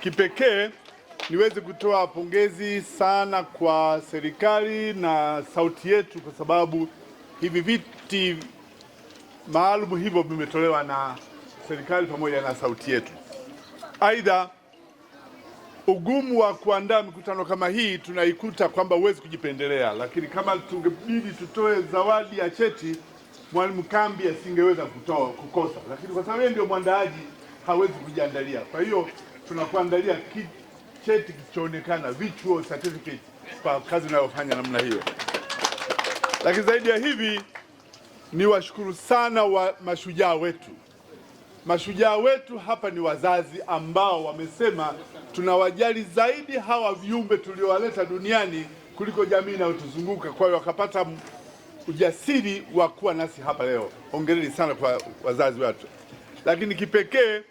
Kipekee niweze kutoa pongezi sana kwa serikali na sauti yetu, kwa sababu hivi viti maalum hivyo vimetolewa na serikali pamoja na sauti yetu. Aidha, ugumu wa kuandaa mikutano kama hii tunaikuta kwamba huwezi kujipendelea, lakini kama tungebidi tutoe zawadi ya cheti, Mwalimu Kambi asingeweza kutoa kukosa, lakini kwa sababu yeye ndio mwandaaji hawezi kujiandalia. Kwa hiyo tunakuangalia cheti kichoonekana virtual certificate kwa kazi unayofanya namna hiyo. Lakini zaidi ya hivi ni washukuru sana wa mashujaa wetu. Mashujaa wetu hapa ni wazazi ambao wamesema tunawajali zaidi hawa viumbe tuliowaleta duniani kuliko jamii inayotuzunguka. Kwa hiyo wakapata ujasiri wa kuwa nasi hapa leo. Hongereni sana kwa wazazi wetu, lakini kipekee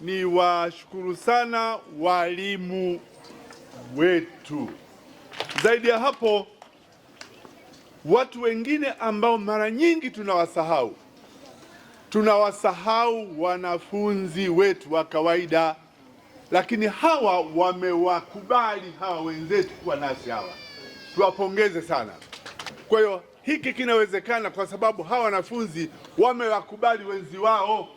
ni washukuru sana walimu wetu. Zaidi ya hapo, watu wengine ambao mara nyingi tunawasahau, tunawasahau wanafunzi wetu wa kawaida, lakini hawa wamewakubali hawa wenzetu kuwa nasi hawa, tuwapongeze sana. Kwa hiyo hiki kinawezekana kwa sababu hawa wanafunzi wamewakubali wenzi wao.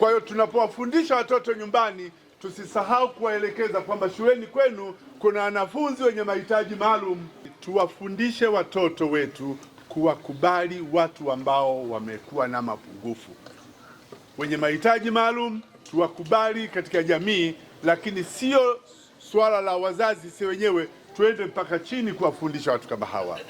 Kwa hiyo tunapowafundisha watoto nyumbani, tusisahau kuwaelekeza kwamba shuleni kwenu kuna wanafunzi wenye mahitaji maalum. Tuwafundishe watoto wetu kuwakubali watu ambao wamekuwa na mapungufu. Wenye mahitaji maalum tuwakubali katika jamii, lakini sio swala la wazazi si wenyewe tuende mpaka chini kuwafundisha watu kama hawa.